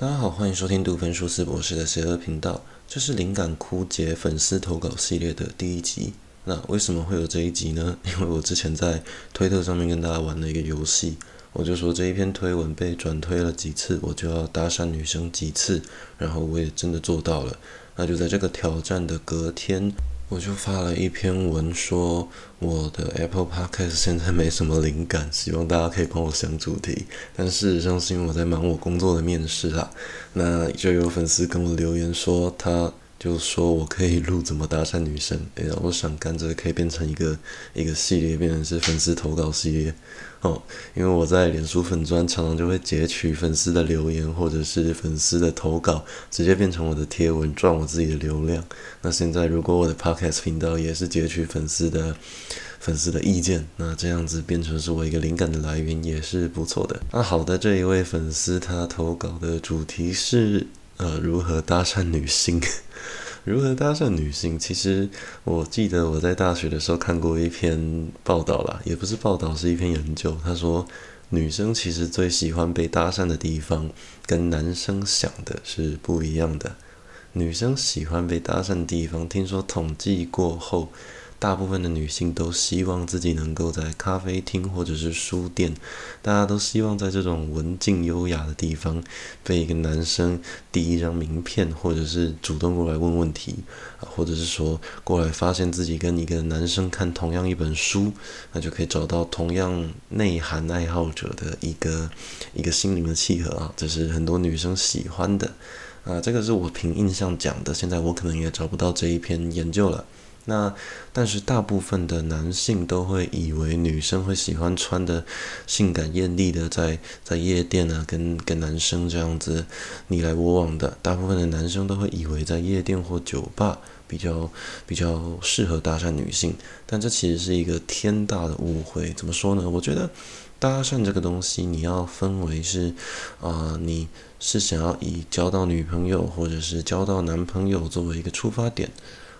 大家好，歡迎收聽杜芬舒茲博士的邪惡頻道，這是靈感枯竭粉絲投稿系列的第一集。那為什麼會有這一集呢？因為我之前在推特上面跟大家玩了一個遊戲，我就說這一篇推文被轉推了幾次，我就要搭訕女生幾次，然後我也真的做到了。那就在這個挑戰的隔天。我就發了一篇文說，我的 Apple Podcast 現在沒什麼靈感，希望大家可以幫我想主題。但事實上是因為我在忙我工作的面試啊。那就有粉絲跟我留言說，他就說我可以錄怎麼搭訕女生，誒、哎，我想甘這個可以變成一個一個系列，變成是粉絲投稿系列。哦，因為我在臉書粉專常常就會截取粉絲的留言或者是粉絲的投稿，直接變成我的貼文，賺我自己的流量。那現在如果我的 Podcast 頻道也是截取粉絲的粉絲的意見，那這樣子變成是我一個靈感的來源，也是不錯的。那、啊、好的這一位粉絲，他投稿的主題是呃，如何搭訕女性。如何搭訕女性？其實我記得我在大學的時候看過一篇報道啦，也不是報道，是一篇研究。他說，女生其實最喜歡被搭訕的地方跟男生想的是不一樣的。女生喜歡被搭訕的地方，聽說統計過後。大部分的女性都希望自己能夠在咖啡廳或者是書店，大家都希望在這種文靜優雅的地方，被一個男生遞一張名片，或者是主動過來問問題，啊，或者是說過來發現自己跟一個男生看同樣一本書，那就可以找到同樣內涵愛好者的一個一個心靈的契合啊，這是很多女生喜歡的，啊、呃，這個是我憑印象講的，現在我可能也找不到這一篇研究了。那，但是大部分的男性都會以為女生會喜歡穿的性感艷麗的在，在在夜店啊，跟跟男生這樣子你來我往的。大部分的男生都會以為在夜店或酒吧比較比較適合搭訕女性，但這其實是一個天大的誤會。怎麼說呢？我覺得搭訕這個東西，你要分為是啊、呃，你是想要以交到女朋友或者是交到男朋友作為一個出發點。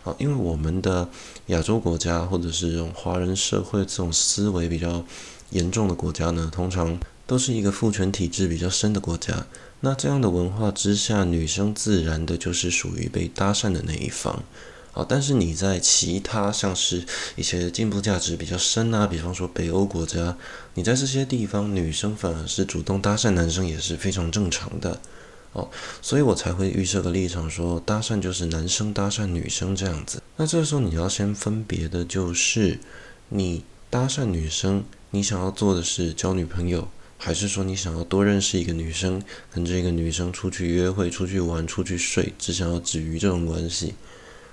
啊，因為我們的亞洲國家或者是這種華人社會這種思維比較嚴重的國家呢，通常都是一個父權體制比較深的國家。那這樣的文化之下，女生自然的就是屬於被搭訕的那一方。啊，但是你在其他像是一些進步價值比較深啊，比方說北歐國家，你在這些地方，女生反而是主動搭訕男生也是非常正常的。哦，所以我才會預設個立場說，搭訕就是男生搭訕女生這樣子。那這個時候你要先分別的，就是你搭訕女生，你想要做的是交女朋友，還是說你想要多認識一個女生，跟這個女生出去約會、出去玩、出去睡，只想要止於這種關係？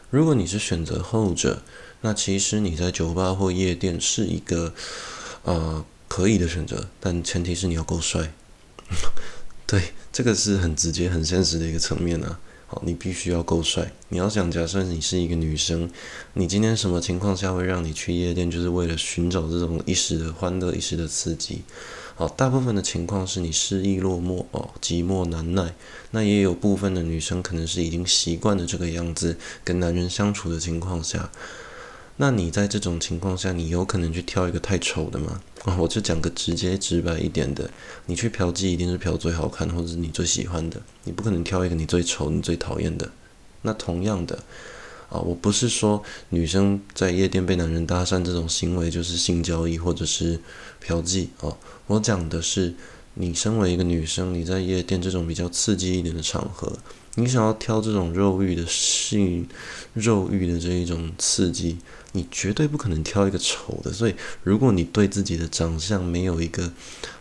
如果你是選擇後者，那其實你在酒吧或夜店是一個呃可以的選擇，但前提是你要夠帥。 對，這個是很直接、很現實的一個層面啊。好，你必須要夠帥。你要想，假設你是一個女生，你今天什麼情況下會讓你去夜店，就是為了尋找這種一時的歡樂、一時的刺激？好，大部分的情況是你失意落寞哦，寂寞難耐。那也有部分的女生可能是已經習慣了這個樣子，跟男人相處的情況下。那你在這種情況下，你有可能去挑一個太醜的嗎？啊、哦，我就講個直接直白一點的，你去嫖妓一定是嫖最好看或者是你最喜歡的，你不可能挑一個你最醜、你最討厭的。那同樣的，啊、哦，我不是說女生在夜店被男人搭訕這種行為就是性交易或者是嫖妓哦，我講的是你身為一個女生，你在夜店這種比較刺激一點的場合，你想要挑這種肉慾的性肉慾的這一種刺激。你絕對不可能挑一個醜的，所以如果你對自己的長相沒有一個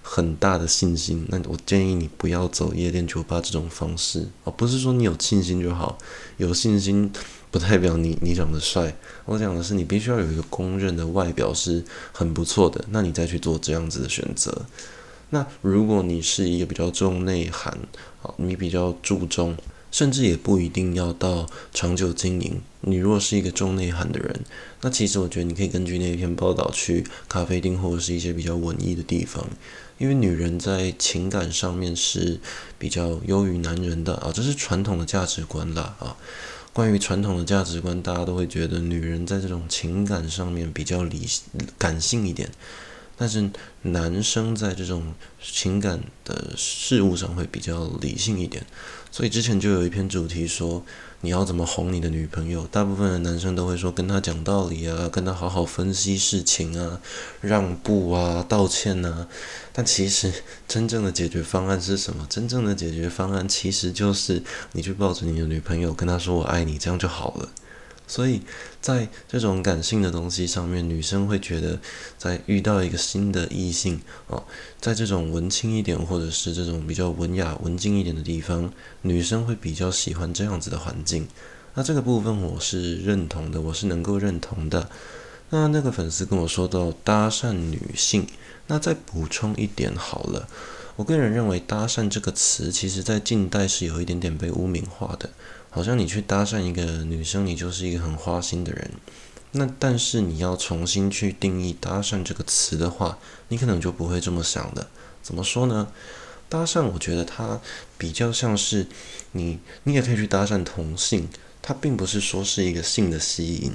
很大的信心，那我建議你不要走夜店酒吧這種方式哦，不是說你有信心就好，有信心不代表你你長得帥。我講的是你必須要有一個公認的外表是很不錯的，那你再去做這樣子的選擇。那如果你是一個比較重內涵，好、哦，你比較注重。甚至也不一定要到長久經營。你如果是一個重內涵的人，那其實我覺得你可以根據那一篇報道去咖啡廳，或者是一些比較文藝的地方。因為女人在情感上面是比較優於男人的啊，這是傳統的價值觀啦啊。關於傳統的價值觀，大家都會覺得女人在這種情感上面比較理性、感性一點，但是男生在這種情感的事物上會比較理性一點。所以之前就有一篇主題說，你要怎麼哄你的女朋友？大部分的男生都會說跟他講道理啊，跟他好好分析事情啊，讓步啊，道歉啊。但其實真正的解決方案是什麼？真正的解決方案其實就是你去抱着你的女朋友，跟她說我愛你，這樣就好了。所以在這種感性的東西上面，女生會覺得，在遇到一個新的異性啊、哦，在這種文青一點，或者是這種比較文雅、文靜一點的地方，女生會比較喜歡這樣子的環境。那這個部分我是認同的，我是能夠認同的。那那個粉絲跟我說到搭訕女性，那再補充一點好了。我個人認為“搭訕”這個詞，其實在近代是有一點點被污名化的。好像你去搭訕一個女生，你就是一個很花心的人。那但是你要重新去定義“搭訕”這個詞的話，你可能就不會這麼想了。怎麼說呢？搭訕，我覺得它比較像是你，你也可以去搭訕同性，它並不是說是一個性的吸引。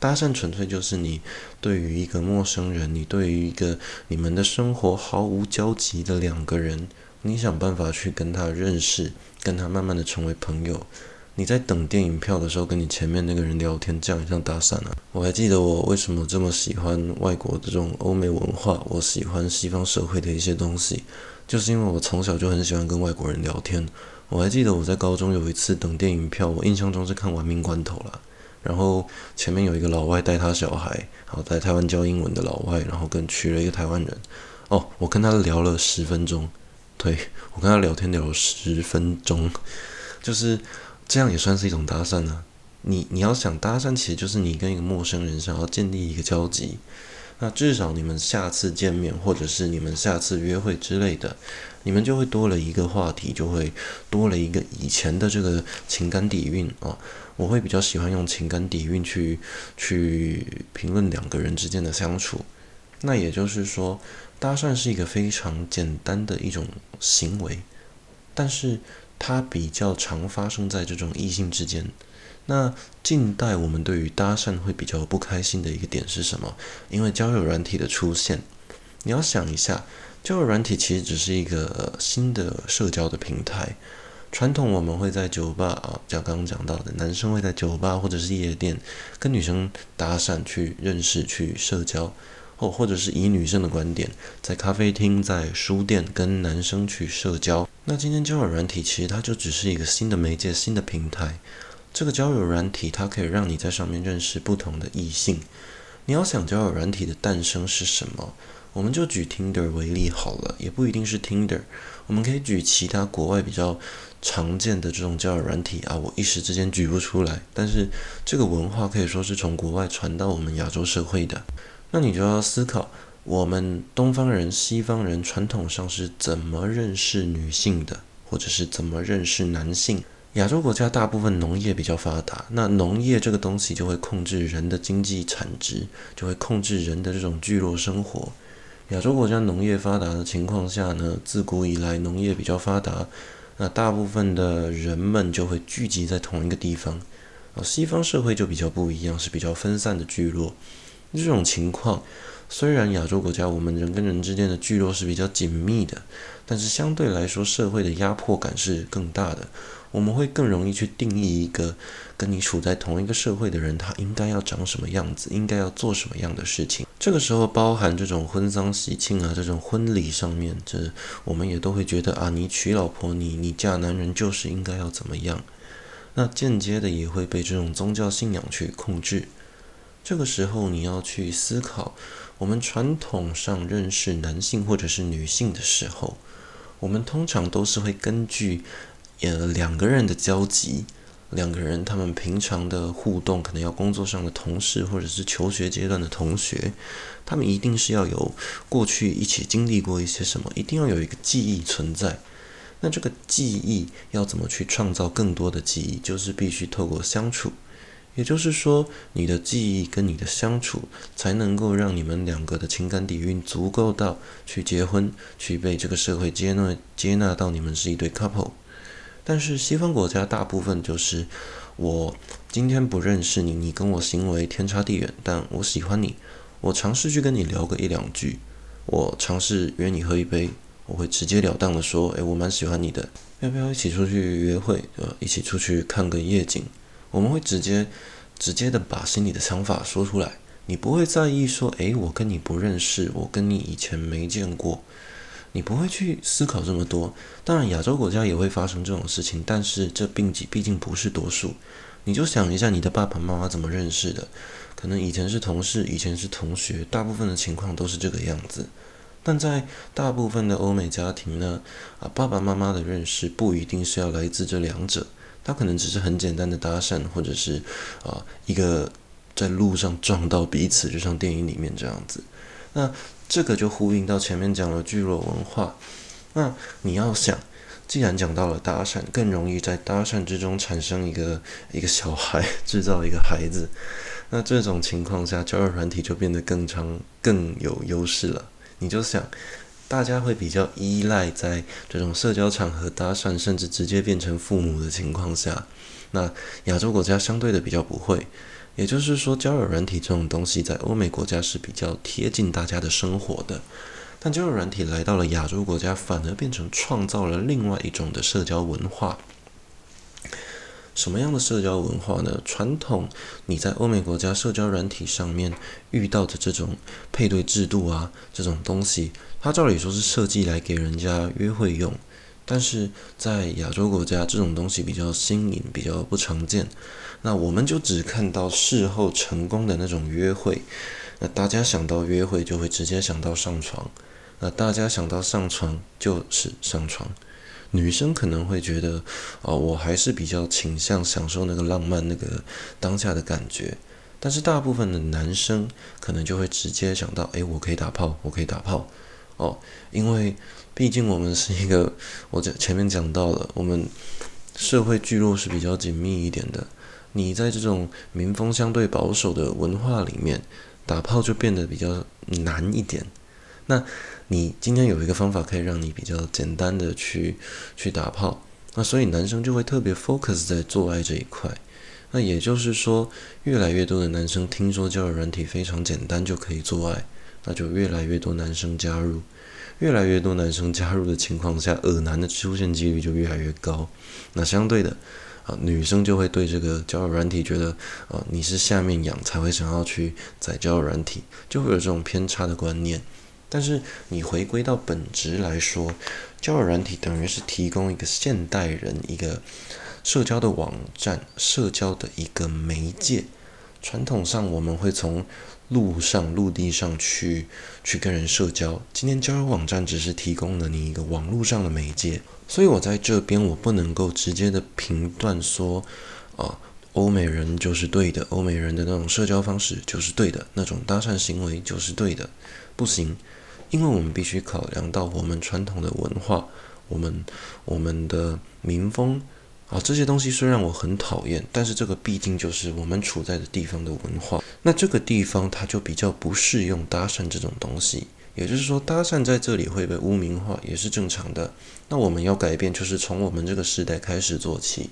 搭訕純粹就是你對於一個陌生人，你對於一個你們的生活毫無交集的兩個人，你想辦法去跟他認識，跟他慢慢的成為朋友。你在等電影票的時候，跟你前面那個人聊天，這樣像搭訕啊？我還記得我為什麼這麼喜歡外國的這種歐美文化，我喜歡西方社會的一些東西，就是因為我從小就很喜歡跟外國人聊天。我還記得我在高中有一次等電影票，我印象中是看《玩命關頭》了。然後前面有一個老外帶他小孩，然後在台灣教英文的老外，然後跟娶了一個台灣人。哦，我跟他聊了十分鐘，對，我跟他聊天聊了十分鐘，就是。這樣也算是一種搭訕呢啊？你你要想搭訕，其實就是你跟一個陌生人想要建立一個交集。那至少你們下次見面，或者是你們下次約會之類的，你們就會多了一個話題，就會多了一個以前的這個情感底蘊啊。我會比較喜歡用情感底蘊去去評論兩個人之間的相處。那也就是說，搭訕是一個非常簡單的一種行為，但是。它比較常發生在這種異性之間。那近代我們對於搭訕會比較不開心的一個點是什麼？因為交友軟體的出現，你要想一下，交友軟體其實只是一個、呃、新的社交的平台。傳統我們會在酒吧啊、哦、像剛剛講到的，男生會在酒吧或者是夜店跟女生搭訕去認識去社交，或、哦、或者是以女生的觀點，在咖啡廳、在書店跟男生去社交。那今天交友軟體其實它就只是一個新的媒介，新的平台。這個交友軟體它可以讓你在上面認識不同的異性。你要想交友軟體的誕生是什麼？我們就舉 Tinder 為例好了，也不一定是 Tinder，我們可以舉其他國外比較常見的這種交友軟體啊，我一時之間舉不出來。但是這個文化可以說是從國外傳到我們亞洲社會的。那你就要思考。我們東方人、西方人傳統上是怎麼認識女性的，或者是怎麼認識男性？亞洲國家大部分農業比較發達，那農業這個東西就會控制人的經濟產值，就會控制人的這種聚落生活。亞洲國家農業發達的情況下呢，自古以來農業比較發達，那大部分的人們就會聚集在同一個地方。啊，西方社會就比較不一樣，是比較分散的聚落，這種情況。雖然亞洲國家我們人跟人之間的聚落是比較緊密的，但是相對來說社會的壓迫感是更大的。我們會更容易去定義一個跟你處在同一個社會的人，他應該要長什麼樣子，應該要做什麼樣的事情。這個時候，包含這種婚喪喜慶啊，這種婚禮上面，這我們也都會覺得啊，你娶老婆，你你嫁男人就是應該要怎麼樣。那間接的也會被這種宗教信仰去控制。這個時候，你要去思考。我們傳統上認識男性或者是女性的時候，我們通常都是會根據，呃，兩個人的交集，兩個人他們平常的互動，可能要工作上的同事或者是求學階段的同學，他們一定是要有過去一起經歷過一些什麼，一定要有一個記憶存在。那這個記憶要怎麼去創造更多的記憶，就是必須透過相處。也就是說，你的記憶跟你的相處，才能夠讓你們兩個的情感底蘊足夠到去結婚，去被這個社會接納接納到你們是一對 couple。但是西方國家大部分就是，我今天不認識你，你跟我行為天差地遠，但我喜歡你，我嘗試去跟你聊個一兩句，我嘗試約你喝一杯，我會直截了當的說，哎，我蠻喜歡你的，要不要一起出去約會？對吧？一起出去看個夜景。我們會直接、直接的把心裡的想法說出來，你不會在意說，誒，我跟你不認識，我跟你以前沒見過，你不會去思考這麼多。當然，亞洲國家也會發生這種事情，但是這病急畢竟不是多數。你就想一下，你的爸爸媽媽怎麼認識的？可能以前是同事，以前是同學，大部分的情況都是這個樣子。但在大部分的歐美家庭呢，啊，爸爸媽媽的認識不一定是要來自這兩者。他可能只是很簡單的搭訕，或者是啊、呃、一個在路上撞到彼此，就像電影裡面這樣子。那這個就呼應到前面講了聚落文化。那你要想，既然講到了搭訕，更容易在搭訕之中產生一個一個小孩，制造一個孩子。嗯、那這種情況下，教育團體就變得更長更有優勢了。你就想。大家會比較依賴在這種社交場合搭訕，甚至直接變成父母的情況下，那亞洲國家相對的比較不會。也就是說，交友軟體這種東西在歐美國家是比較貼近大家的生活的，但交友軟體來到了亞洲國家，反而變成創造了另外一種的社交文化。什麼樣的社交文化呢？傳統你在歐美國家社交軟體上面遇到的這種配對制度啊，這種東西，它照理說是設計來給人家約會用，但是在亞洲國家這種東西比較新穎，比較不常見。那我們就只看到事後成功的那種約會，那大家想到約會就會直接想到上床，那大家想到上床就是上床。女生可能會覺得，哦，我還是比較傾向享受那個浪漫，那個當下的感覺。但是大部分的男生可能就會直接想到，誒，我可以打炮，我可以打炮，哦，因為畢竟我們是一個，我前面講到了，我們社會聚落是比較緊密一點的。你在這種民風相對保守的文化裡面，打炮就變得比較難一點。那你今天有一個方法可以讓你比較簡單的去去打炮，那所以男生就會特別 focus 在做愛這一塊。那也就是說，越來越多的男生聽說交友軟體非常簡單就可以做愛，那就越來越多男生加入。越來越多男生加入的情況下，惡男的出現幾率就越來越高。那相對的，啊、呃，女生就會對這個交友軟體覺得，啊、呃，你是下面癢才會想要去載交友軟體，就會有這種偏差的觀念。但是你回歸到本質來說，交友軟體等於是提供一個現代人一個社交的網站，社交的一個媒介。傳統上我們會從路上陸地上去去跟人社交，今天交友網站只是提供了你一個網路上的媒介。所以我在這邊我不能夠直接的評斷說，啊，歐美人就是對的，歐美人的那種社交方式就是對的，那種搭訕行為就是對的，不行。因為我們必須考量到我們傳統的文化，我們我們的民風啊，這些東西雖然我很討厭，但是這個畢竟就是我們處在的地方的文化。那這個地方它就比較不適用搭訕這種東西，也就是說，搭訕在這裡會被污名化，也是正常的。那我們要改變，就是從我們這個時代開始做起，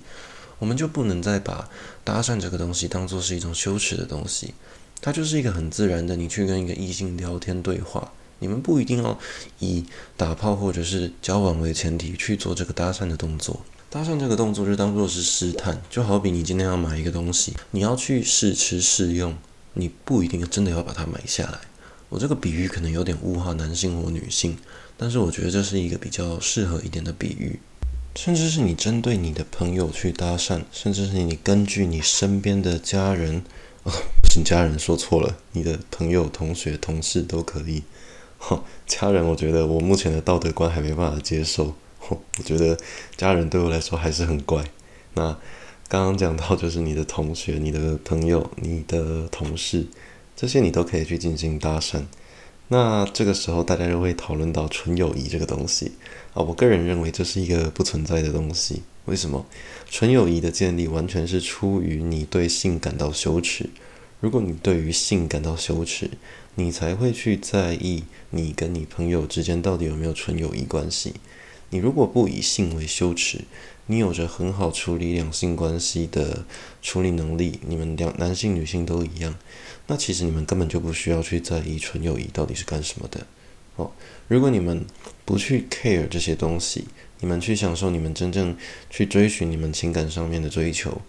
我們就不能再把搭訕這個東西當作是一種羞恥的東西，它就是一個很自然的，你去跟一個異性聊天對話。你們不一定要以打炮或者是交往為前提去做這個搭訕的動作，搭訕這個動作就當做是試探，就好比你今天要買一個東西，你要去試吃試用，你不一定真的要把它買下來。我這個比喻可能有點物化男性或女性，但是我覺得這是一個比較適合一點的比喻，甚至是你針對你的朋友去搭訕，甚至是你根據你身邊的家人啊，不，哦，是家人，說錯了，你的朋友、同學、同事都可以。家人，我覺得我目前的道德觀還沒辦法接受。我覺得家人對我來說還是很怪。那剛剛講到就是你的同學、你的朋友、你的同事，這些你都可以去進行搭訕。那這個時候大家就會討論到純友誼這個東西啊，我個人認為這是一個不存在的東西。為什麼？純友誼的建立完全是出於你對性感到羞恥。如果你對於性感到羞恥，你才會去在意你跟你朋友之間到底有沒有純友誼關係。你如果不以性為羞恥，你有着很好處理兩性關係的處理能力，你們兩男性女性都一樣。那其實你們根本就不需要去在意純友誼到底是幹什麼的哦。如果你們不去 care 這些東西，你們去享受你們真正去追尋你們情感上面的追求。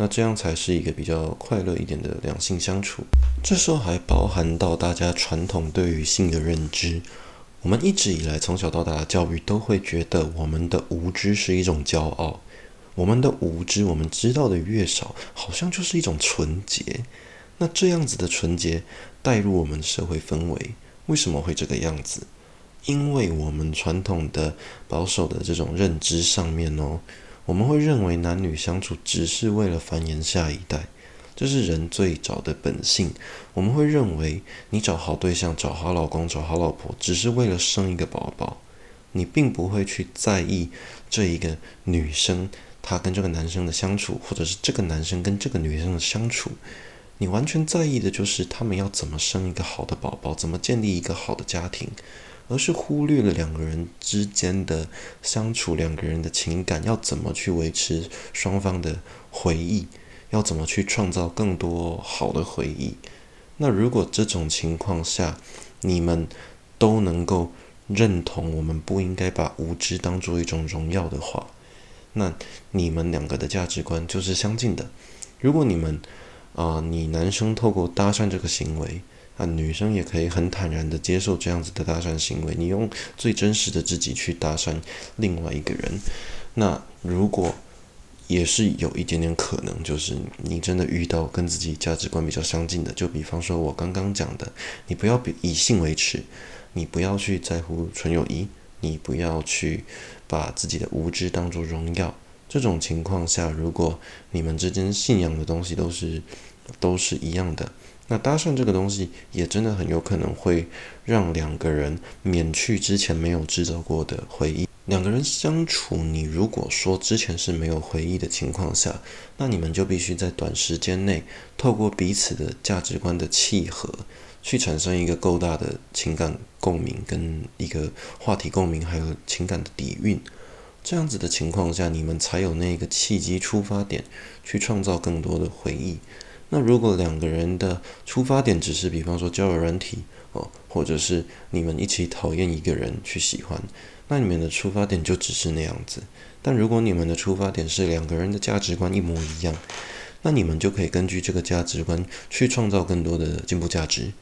那這樣才是一個比較快樂一點的兩性相處。這時候還包含到大家傳統對於性的認知。我們一直以來從小到大的教育都會覺得我們的無知是一種驕傲。我們的無知，我們知道的越少，好像就是一種純潔。那這樣子的純潔帶入我們社會氛圍，為什麼會這個樣子？因為我們傳統的保守的這種認知上面哦。我們會認為男女相處只是為了繁衍下一代，這是人最早的本性。我們會認為你找好對象、找好老公、找好老婆，只是為了生一個寶寶。你並不會去在意這一個女生她跟這個男生的相處，或者是這個男生跟這個女生的相處。你完全在意的就是他們要怎麼生一個好的寶寶，怎麼建立一個好的家庭。而是忽略了兩個人之間的相處，兩個人的情感要怎麼去維持，雙方的回憶要怎麼去創造更多好的回憶。那如果這種情況下，你們都能夠認同我們不應該把無知當做一種榮耀的話，那你們兩個的價值觀就是相近的。如果你們啊、呃，你男生透過搭訕這個行為，啊，女生也可以很坦然的接受這樣子的搭訕行為。你用最真實的自己去搭訕另外一個人。那如果也是有一點點可能，就是你真的遇到跟自己價值觀比較相近的，就比方說我剛剛講的，你不要比以性為恥，你不要去在乎純友誼，你不要去把自己的無知當做榮耀。這種情況下，如果你們之間信仰的東西都是。都是一樣的。那搭訕這個東西也真的很有可能會讓兩個人免去之前沒有制造過的回憶。兩個人相處，你如果說之前是沒有回憶的情況下，那你們就必須在短時間內透過彼此的價值觀的契合，去產生一個夠大的情感共鳴跟一個話題共鳴，還有情感的底蘊。這樣子的情況下，你們才有那個契機出發點去創造更多的回憶。那如果兩個人的出發點只是，比方說交友軟體哦，或者是你們一起討厭一個人去喜歡，那你們的出發點就只是那樣子。但如果你們的出發點是兩個人的價值觀一模一樣，那你們就可以根據這個價值觀去創造更多的進步價值。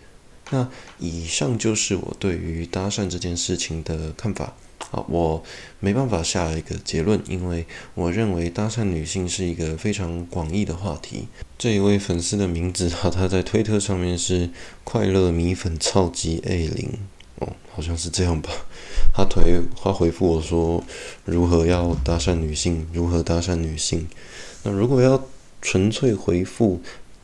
那以上就是我對於搭訕這件事情的看法。好，我沒辦法下一個結論，因為我認為搭訕女性是一個非常廣義的話題。這一位粉絲的名字啊，他在推特上面是快樂米粉糙級 ㄟˋ 狑，哦，好像是這樣吧。他推他回復我說：“如何要搭訕女性？如何搭訕女性？”那如果要純粹回復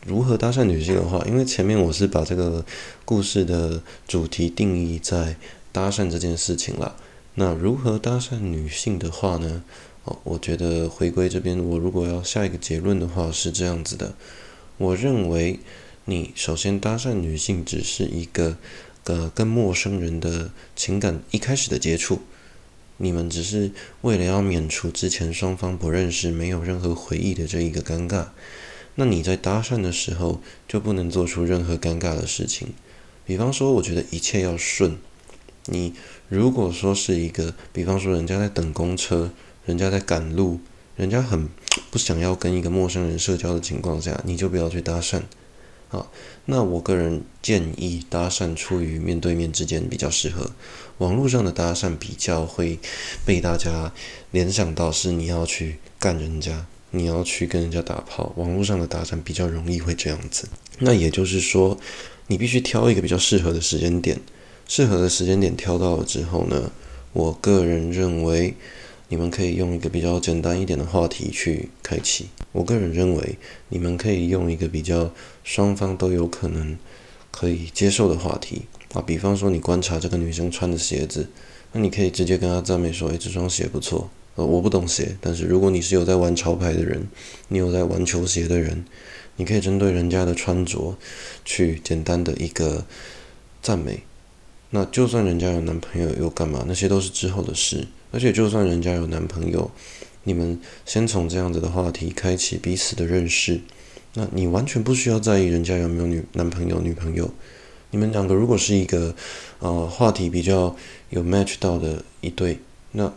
如何搭訕女性的話，因為前面我是把這個故事的主題定義在搭訕這件事情啦。那如何搭訕女性的話呢？哦，我覺得回歸這邊，我如果要下一個結論的話是這樣子的。我認為你首先搭訕女性只是一個呃跟陌生人的情感一開始的接觸，你們只是為了要免除之前雙方不認識沒有任何回憶的這一個尷尬。那你在搭訕的時候就不能做出任何尷尬的事情，比方說，我覺得一切要順。你如果說是一個，比方說人家在等公車，人家在趕路，人家很不想要跟一個陌生人社交的情況下，你就不要去搭訕。好，那我個人建議搭訕出於面對面之間比較適合，網絡上的搭訕比較會被大家聯想到是你要去幹人家，你要去跟人家打炮。網絡上的搭訕比較容易會這樣子。那也就是說，你必須挑一個比較適合的時間點。適合的時間點挑到了之後呢，我個人認為，你們可以用一個比較簡單一點的話題去開啟。我個人認為，你們可以用一個比較雙方都有可能可以接受的話題啊，比方說你觀察這個女生穿的鞋子，那你可以直接跟她讚美說：“哎，這雙鞋不錯。”呃，我不懂鞋，但是如果你是有在玩潮牌的人，你有在玩球鞋的人，你可以針對人家的穿着去簡單的一個讚美。那就算人家有男朋友又幹嘛？那些都是之後的事。而且就算人家有男朋友，你們先從這樣子的話題開啟彼此的認識，那你完全不需要在意人家有沒有女男朋友、女朋友。你們兩個如果是一個呃話題比較有 match 到的一對，那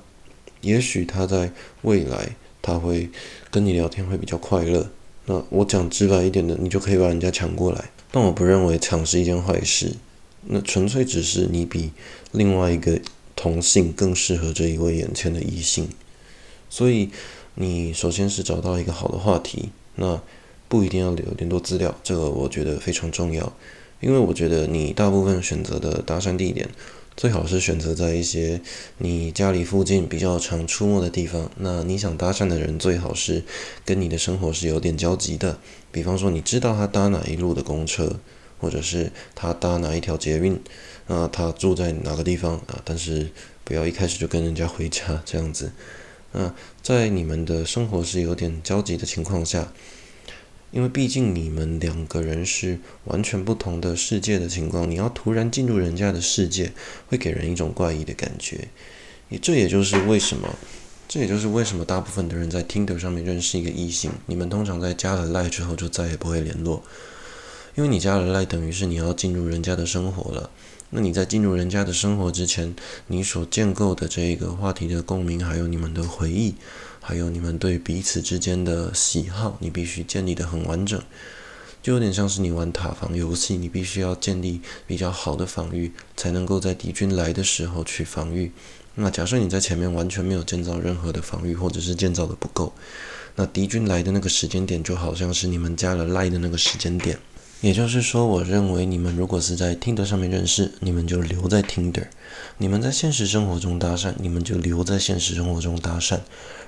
也許他在未來他會跟你聊天會比較快樂。那我講直白一點的，你就可以把人家搶過來。但我不認為搶是一件壞事。那純粹只是你比另外一個同性更適合這一位眼前的異性，所以你首先是找到一個好的話題，那不一定要有點多資料，這個我覺得非常重要，因為我覺得你大部分選擇的搭訕地點，最好是選擇在一些你家裡附近比較常出沒的地方，那你想搭訕的人最好是跟你的生活是有點交集的，比方說你知道他搭哪一路的公車。或者是他搭哪一條捷運，啊、呃，他住在哪個地方啊，呃，但是不要一開始就跟人家回家這樣子。那、呃、在你們的生活是有點交集的情況下，因為畢竟你們兩個人是完全不同的世界的情況，你要突然進入人家的世界，會給人一種怪異的感覺。也這也就是為什麼，這也就是為什麼大部分的人在 Tinder 上面認識一個異性，你們通常在加了賴之後就再也不會聯絡。因為你加了 LINE，等於是你要進入人家的生活了。那你在進入人家的生活之前，你所建構的這一個話題的共鳴，還有你們的回憶，還有你們對彼此之間的喜好，你必須建立得很完整。就有點像是你玩塔防遊戲，你必須要建立比較好的防御，才能夠在敵軍來的時候去防御。那假設你在前面完全沒有建造任何的防御，或者是建造得不夠，那敵軍來的那個時間點，就好像是你們加了 LINE 的那個時間點。也就是說，我認為你們如果是在 Tinder 上面認識，你們就留在 Tinder；你們在現實生活中搭訕，你們就留在現實生活中搭訕，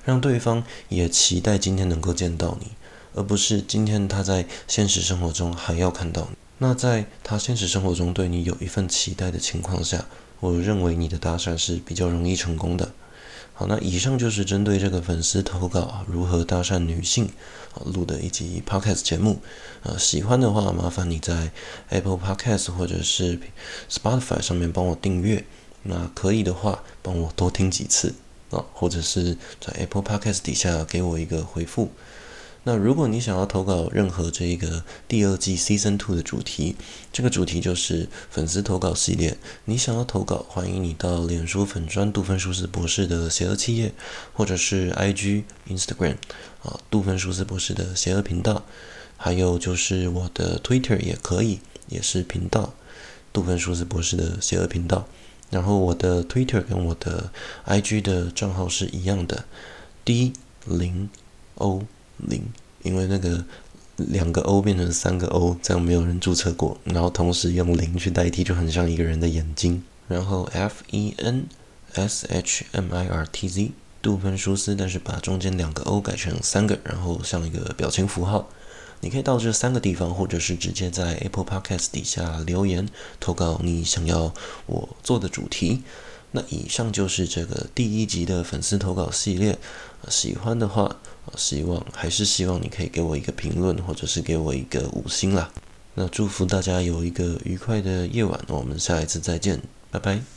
讓對方也期待今天能夠見到你，而不是今天他在現實生活中還要看到你。那在他現實生活中對你有一份期待的情況下，我認為你的搭訕是比較容易成功的。好，那以上就是針對這個粉絲投稿如何搭訕女性啊錄的一集 Podcast 節目。呃、啊，喜歡的話，麻煩你在 Apple Podcast 或者是 Spotify 上面幫我訂閱。那可以的話，幫我多聽幾次啊，或者是在 Apple Podcast 底下給我一個回復。那如果你想要投稿任何這個第二季 Season Two 的主題，這個主題就是粉絲投稿系列。你想要投稿，歡迎你到臉書粉專杜芬舒斯博士的邪惡企業，或者是 I G Instagram 啊，杜芬舒斯博士的邪惡頻道，還有就是我的 Twitter 也可以，也是頻道，杜芬舒斯博士的邪惡頻道。然後我的 Twitter 跟我的 I G 的賬號是一樣的，D 零 O。零，因為那個兩個 O 變成三個 O，這樣沒有人註冊過，然後同時用零去代替，就很像一個人的眼睛。然後 F E N S H M I R T Z，杜芬舒斯，但是把中間兩個 O 改成三個，然後像一個表情符號。你可以到這三個地方，或者是直接在 Apple Podcast 底下留言，投稿你想要我做的主題。那以上就是這個第一集的粉絲投稿系列，喜歡的話。希望還是希望你可以給我一個評論，或者是給我一個五星啦。那祝福大家有一個愉快的夜晚，我們下一次再見，拜拜。